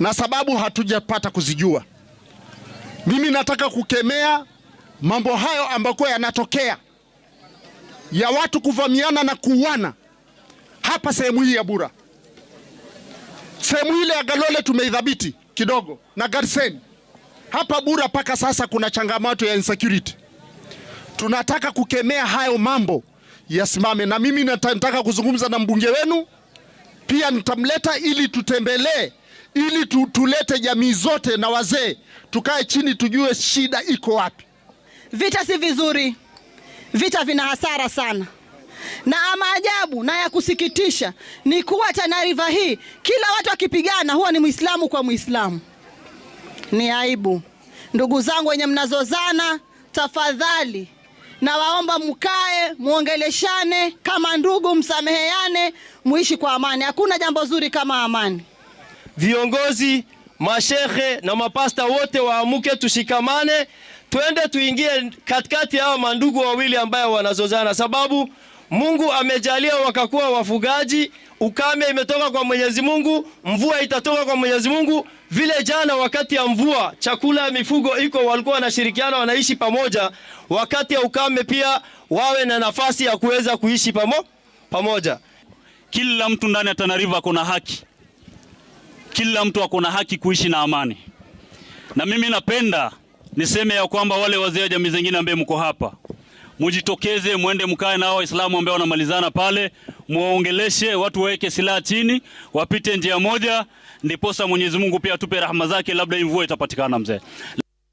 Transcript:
na sababu hatujapata kuzijua. Mimi nataka kukemea mambo hayo ambayo yanatokea ya watu kuvamiana na kuuana hapa sehemu hii ya Bura. Sehemu ile ya Galole tumeidhibiti kidogo na Garseni. Hapa Bura mpaka sasa kuna changamoto ya insecurity. Tunataka kukemea hayo mambo yasimame, na mimi nataka kuzungumza na mbunge wenu pia, nitamleta ili tutembelee ili tu, tulete jamii zote na wazee tukae chini tujue shida iko wapi. Vita si vizuri, vita vina hasara sana, na ajabu na ya kusikitisha ni kuwa Tana River hii kila watu akipigana huwa ni Muislamu kwa Muislamu. Ni aibu, ndugu zangu wenye mnazozana, tafadhali nawaomba mkae muongeleshane kama ndugu, msameheane, muishi kwa amani. Hakuna jambo zuri kama amani viongozi, mashehe na mapasta wote waamuke, tushikamane, twende tuingie katikati ya mandugu wawili ambayo wanazozana, sababu Mungu amejalia wakakuwa wafugaji. Ukame imetoka kwa Mwenyezi Mungu, mvua itatoka kwa Mwenyezi Mungu. Vile jana wakati ya mvua chakula ya mifugo iko, walikuwa wanashirikiana, wanaishi pamoja. Wakati ya ukame pia wawe na nafasi ya kuweza kuishi pamo, pamoja. Kila mtu ndani ya Tana River kuna haki kila mtu ako na haki kuishi na amani, na mimi napenda niseme ya kwamba wale wazee wa jamii zingine ambaye mko hapa, mujitokeze, mwende mkae nao Waislamu ambao wanamalizana pale, muwaongeleshe, watu waweke silaha chini, wapite njia moja, ndiposa Mwenyezi Mungu pia atupe rahma zake, labda hii mvua itapatikana mzee.